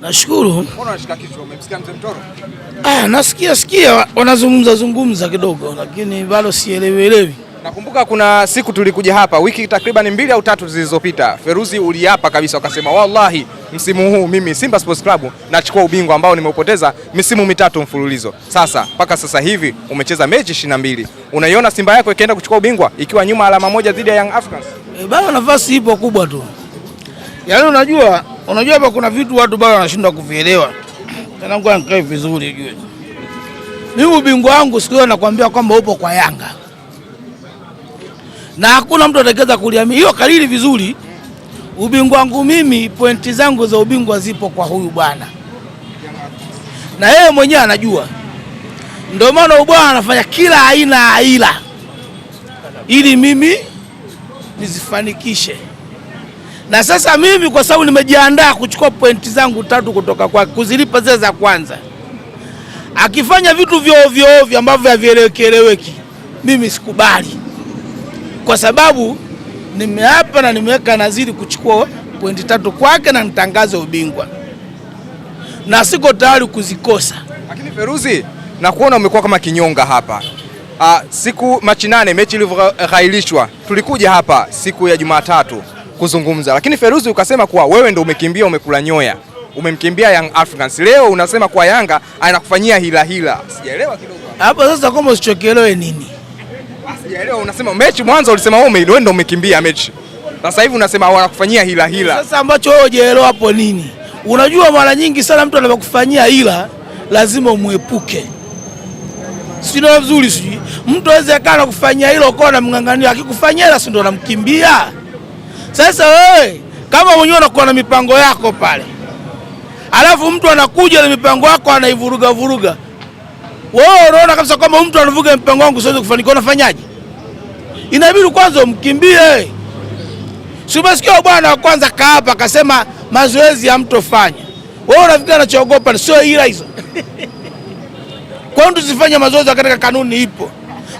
Nashukuru. Mbona unashika kichwa? Umemsikia mzee Mtoro? Ah, nasikia sikia wanazungumza zungumza kidogo lakini bado sielewi elewi. Nakumbuka kuna siku tulikuja hapa wiki takriban mbili au tatu zilizopita, Feruzi uliapa kabisa ukasema, wallahi msimu huu mimi Simba Sports Club nachukua ubingwa ambao nimeupoteza misimu mitatu mfululizo. Sasa mpaka sasa hivi umecheza mechi ishirini na mbili, unaiona Simba yako ikienda kuchukua ubingwa ikiwa nyuma alama moja dhidi ya Young Africans? E, bado nafasi ipo kubwa tu, yaani unajua Unajua hapa kuna vitu watu bado wanashindwa kuvielewa. Tanangu anikae vizuri ujue. Mimi ubingwa wangu siku hiyo nakwambia kwamba upo kwa Yanga. Na hakuna mtu atakayeweza kuliamini. Hiyo kalili vizuri. Ubingwa wangu mimi, pointi zangu za ubingwa zipo kwa huyu bwana. Na yeye mwenyewe anajua. Ndio maana ubwana anafanya kila aina ya ila ili mimi nizifanikishe na sasa mimi kwa sababu nimejiandaa kuchukua pointi zangu tatu kutoka kwake, kuzilipa zile za kwanza. Akifanya vitu vya ovyo ovyo ambavyo havieleweki mimi sikubali, kwa sababu nimeapa na nimeweka nadhiri kuchukua pointi tatu kwake na nitangaze ubingwa, na siko tayari kuzikosa. Lakini Feruzi, nakuona umekuwa kama kinyonga hapa. Uh, siku Machi nane mechi ilivyoghailishwa, tulikuja hapa siku ya Jumatatu kuzungumza, lakini Feruzi ukasema kuwa wewe ndo umekimbia umekula nyoya, umemkimbia Young Africans. Leo unasema kwa Yanga anakufanyia hila hila, sijaelewa kidogo hapo. Sasa kama usichokielewe nini? Ah, sijaelewa. Unasema mechi mwanzo ulisema wewe ndo umekimbia mechi, sasa hivi unasema wanakufanyia hila hila. Sasa ambacho wewe hujaelewa hapo nini? Unajua, mara nyingi sana mtu anapokufanyia hila lazima umwepuke, sio vizuri. Sijui mtu aweze akaa na kufanyia hilo ukawa namng'ang'ania, akikufanyia hila si ndo namkimbia? Sasa wewe kama mwenyewe unakuwa na mipango yako pale, alafu mtu anakuja na mipango yako anaivuruga vuruga, wewe unaona kabisa kwamba mtu anavuga mipango yangu siwezi kufanikiwa, unafanyaje? Inabidi kwanza umkimbie. Si umesikia bwana wa kwanza kaapa akasema mazoezi hamtofanya. Wewe unafikiri anachoogopa sio ila hizo? Kwa nini tusifanye mazoezi katika kanuni ipo?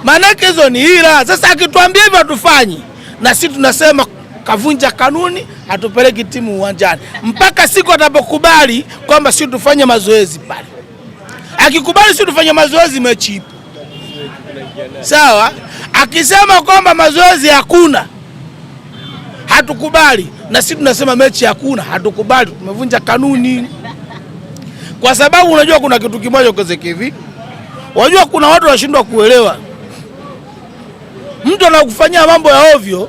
Maana hizo ni ila. Sasa akituambia hivyo hatufanyi, na sisi tunasema kavunja kanuni, hatupeleki timu uwanjani mpaka siku atapokubali kwamba sio tufanye mazoezi pale. Akikubali sio tufanye mazoezi, mechi ipo sawa. Akisema kwamba mazoezi hakuna, hatukubali na sisi tunasema mechi hakuna, hatukubali, tumevunja kanuni. Kwa sababu unajua kuna kitu kimoja kozeke hivi, unajua kuna watu wanashindwa kuelewa, mtu anakufanyia mambo ya ovyo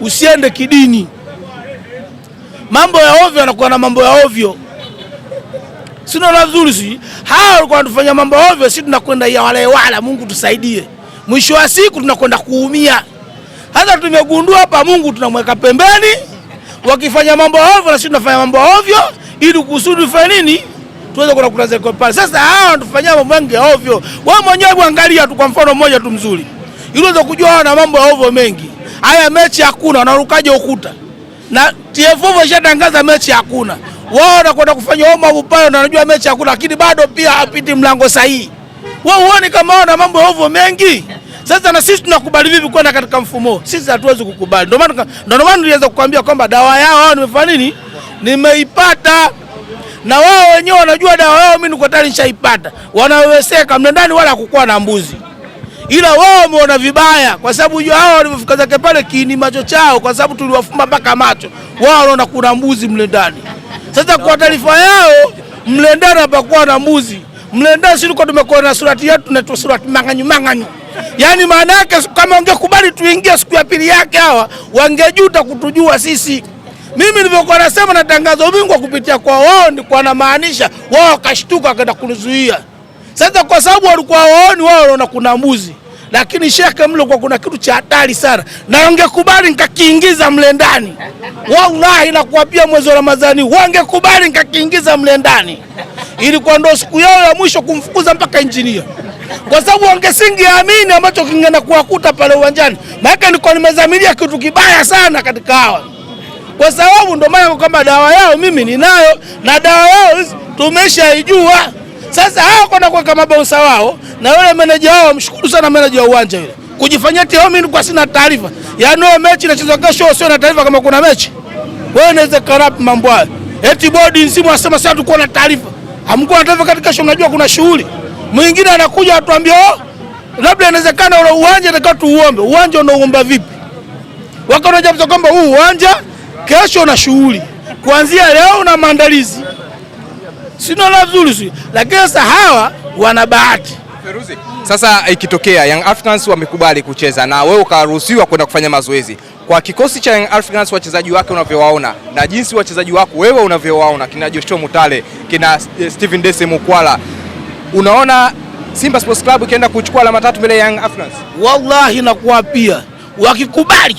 usiende kidini. Mambo ya ovyo yanakuwa na mambo ya ovyo, si unaona vizuri? Si hawa walikuwa wanatufanya mambo ovyo, si tunakwenda ya wale wala. Mungu tusaidie, mwisho wa siku tunakwenda kuumia. Hata tumegundua hapa, Mungu tunamweka pembeni, wakifanya mambo ovyo na sisi tunafanya mambo ovyo, ili kusudi tufanye nini? Tuweze kwenda kutazama kwa pale. Sasa hawa wanatufanyia mambo mengi ya ovyo. Wewe mwenyewe angalia tu, kwa mfano mmoja tu mzuri, ili uweze kujua wana mambo ya ovyo mengi Haya, mechi hakuna, wanarukaje ukuta? Na TFF ishatangaza mechi hakuna, wao wanakwenda kufanya homa upayo, na wanajua mechi hakuna, lakini bado pia hapiti mlango sahihi. Wewe uone kama wana mambo ovyo mengi. Sasa na sisi tunakubali vipi kwenda katika mfumo Sisi hatuwezi kukubali. Ndio maana ndio maana nilianza kukwambia kwamba dawa yao wao nimefanya nini? Nimeipata. Na wao wenyewe wanajua dawa yao, mimi niko tayari nishaipata. Wanaweseka mle ndani wala kukua na mbuzi ila wao wameona vibaya, kwa sababu jua hao walivyofika zake pale kiini macho chao, kwa sababu tuliwafumba mpaka macho. Wao wanaona kuna mbuzi mle ndani. Sasa kwa taarifa yao, mle ndani hapakuwa na mbuzi. Mle ndani sisi tulikuwa tumekuwa na surati yetu na surati manganyu manganyu, yaani maana yake kama ungekubali tuingie siku ya pili yake, hawa wangejuta kutujua sisi. Mimi nilivyokuwa nasema natangaza ubingwa kupitia kwa wao, nilikuwa namaanisha wao, wakashtuka wakaenda kunizuia. Sasa kwa sababu walikuwa waoni wao wanaona kuna mbuzi, lakini shekhe mle kwa kuna kitu cha hatari sana, na wangekubali nikakiingiza mle ndani, wallahi nakuambia, mwezi wa Ramadhani wangekubali nikakiingiza mle ndani. Ilikuwa ndo siku yao ya mwisho kumfukuza mpaka injinia, kwa sababu wangesingeamini ambacho kingenda kuwakuta pale uwanjani. Maana nilikuwa nimezamilia kitu kibaya sana katika hawa, kwa sababu ndio maana kwamba dawa yao mimi ninayo na dawa yao tumeshaijua. Sasa hawa kwenda kuweka mabosa wao na yule meneja wao, mshukuru sana meneja wa uwanja yule kujifanyia tiomini kwa sina taarifa. Yaani wewe mechi inachezwa kesho sio na taarifa kama kuna mechi. Wewe unaweza karap mambo hayo. Eti bodi nzima wasema sasa tuko na taarifa. Hamkuwa na taarifa katika kesho mnajua kuna shughuli. Mwingine anakuja atuambia oh, labda inawezekana ule uwanja nataka tuuombe. Uwanja unaoomba vipi? Wakaona jambo kwamba huu uwanja kesho na shughuli. Kuanzia leo na maandalizi sinaona vizuri si, lakini sasa hawa wana bahati. Feruzi, sasa ikitokea Young Africans wamekubali kucheza na wewe ukaruhusiwa kwenda kufanya mazoezi kwa kikosi cha Young Africans, wachezaji wake unavyowaona na jinsi wachezaji wako wewe unavyowaona, kina Joshua Mutale, kina eh, Steven Dese Mukwala, unaona Simba Sports Club ikienda kuchukua alama tatu mbele ya Young Africans? Wallahi nakuapia, wakikubali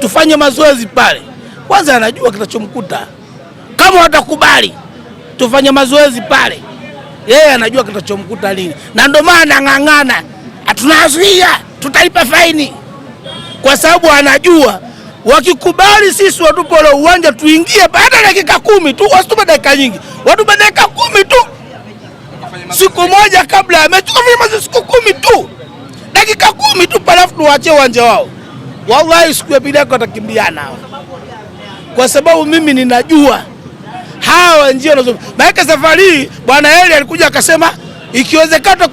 tufanye mazoezi pale, kwanza anajua kitachomkuta kama watakubali tufanye mazoezi pale, yeye anajua kitachomkuta lini, na ndio maana ng'ang'ana, tunazuia tutalipa faini, kwa sababu anajua wakikubali sisi watupe ule uwanja tuingie, baada ya dakika kumi tu, wasitupe dakika nyingi, watupe dakika kumi tu, siku moja kabla ya mechi, siku kumi tu, dakika kumi tu, palafu tuwaachie uwanja wao. Wallahi siku ya pili yako watakimbiana, kwa sababu mimi ninajua hawa njia wanazo. Maana safari bwana Eli alikuja akasema ikiwezekana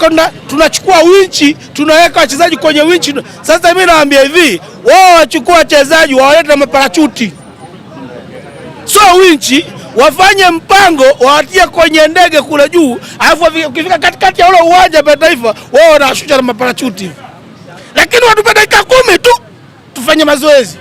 tunachukua winchi tunaweka wachezaji kwenye winchi. Sasa mimi naambia hivi, wao wachukua wachezaji wawalete maparachuti, so winchi wafanye mpango waatie kwenye ndege kule juu, alafu ukifika katikati ya ule uwanja wa taifa wao wanawashusha na maparachuti, lakini watupe dakika kumi tu tufanye mazoezi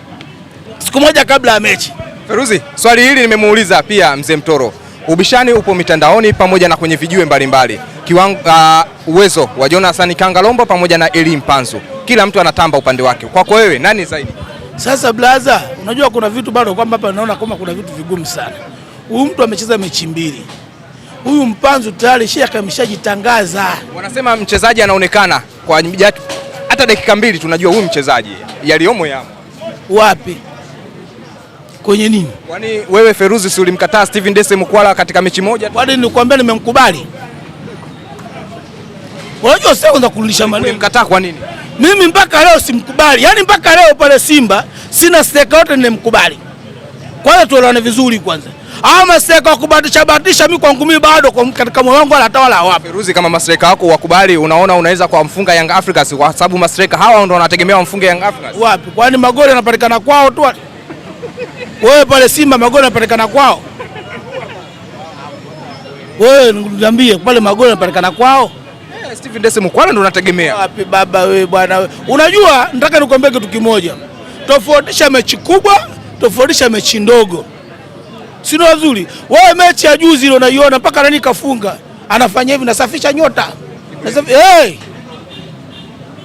siku moja kabla ya mechi. Feruzi, swali hili nimemuuliza pia mzee Mtoro. Ubishani upo mitandaoni pamoja na kwenye vijiwe mbalimbali. Kiwango, uh, uwezo wa Jonathan Kangalombo pamoja na Eli Mpanzu, kila mtu anatamba upande wake. Kwako wewe nani zaidi? Sasa blaza, unajua kuna vitu bado kwamba hapa naona kama kuna vitu vigumu sana. Huyu mtu amecheza mechi mbili, huyu Mpanzu tayari shia akameshajitangaza. Wanasema mchezaji anaonekana kwa hata dakika mbili, tunajua huyu mchezaji yaliomo yamo wapi kwenye nini? Kwani wewe Feruzi, si ulimkataa Steven Dese Mkwala katika mechi moja? Kwani nilikwambia nimemkubali? Unajua sasa kwanza kurudisha maneno. Nimemkataa kwa nini? Mimi mpaka leo simkubali. Yaani mpaka leo pale Simba sina steka yote nimemkubali. Kwanza tuelewane vizuri kwanza. Ama masteka kubatisha badilisha mimi kwangu mimi bado kwa katika moyo wangu anatawala wapi? Feruzi, kama masteka wako wakubali, unaona unaweza kwa mfunga Young Africans kwa sababu masteka hawa ndio wanategemea wamfunge Young Africans. Wapi? Kwani magoli yanapatikana kwao tu. Wewe pale Simba magoli yanapatikana kwao? Wewe niambie pale magoli yanapatikana kwao? Eh, Steven Dese Mukwala ndo unategemea. Wapi baba wewe bwana Unajua nataka nikwambie kitu kimoja. Tofautisha mechi kubwa, tofautisha mechi ndogo. Sio nzuri. Wewe mechi ya juzi ile unaiona mpaka nani kafunga. Anafanya hivi nasafisha nyota. Nasafi, hey!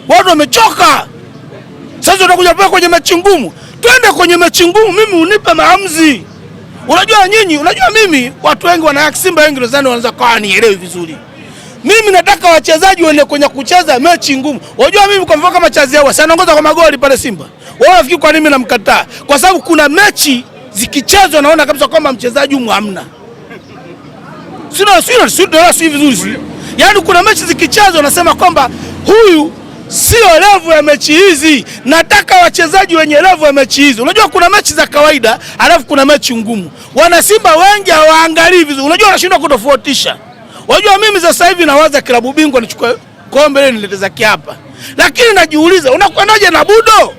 Watu wamechoka. Sasa unakuja pale kwenye mechi ngumu twende kwenye mechi ngumu, mimi unipe maamuzi. Unajua nyinyi, unajua mimi, watu wengi wana Simba wengi nadhani wanaanza kwa nielewi vizuri. Mimi nataka wachezaji waende kwenye kucheza mechi ngumu. Unajua mimi kwa mfano kama chazi yao, anaongoza kwa magoli pale Simba. Wao wafikiri kwa nini namkataa? Kwa sababu kuna mechi zikichezwa naona kabisa kwamba mchezaji huyu hamna. Sio sio sio vizuri. Yaani kuna mechi zikichezwa nasema kwamba huyu sio levu ya mechi hizi. Nataka wachezaji wenye levu ya mechi hizi. Unajua kuna mechi za kawaida, alafu kuna mechi ngumu. Wanasimba wengi hawaangalii vizuri, unajua wanashindwa kutofautisha. Unajua mimi sasa hivi nawaza klabu bingwa nichukue kombe ile nilete nileteza kiapa, lakini najiuliza unakwendaje na budo?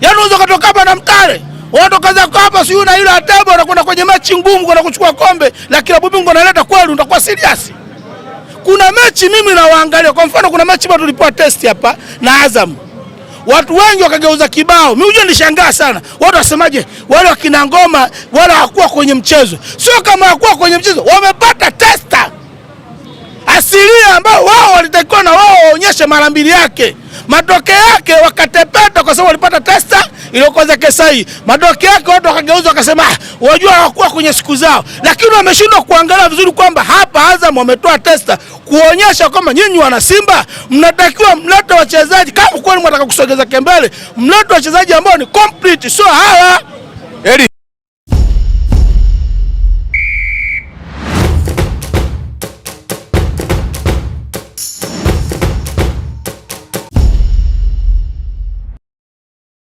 Yaani unaweza kutoka hapa na mtare unatoka zako hapa sio na ile atabu, unakwenda kwenye mechi ngumu kwenda kuchukua kombe la klabu bingwa unaleta kweli utakuwa serious? Kuna mechi mimi nawaangalia, kwa mfano kuna mechi bado tulipewa test hapa na Azam, watu wengi wakageuza kibao. Mimi hujua nishangaa sana, watu wasemaje? Wale wakina ngoma wala hawakuwa kwenye mchezo. Sio kama hawakuwa kwenye mchezo, wamepata testa asilia ambao wao walitakiwa na wao waonyeshe mara mbili yake, matokeo yake wakatepeta, kwa sababu walipata testa iliyokuanza kesa hii, yake watu wakageuza wakasema, ah, wajua hawakuwa kwenye siku zao, lakini wameshindwa kuangalia vizuri kwamba hapa Azam wametoa testa kuonyesha kwamba nyinyi wana Simba mnatakiwa mlete wachezaji kama kweli mnataka kusogeza kembele, mlete wachezaji ambao ni complete, sio hawa Eli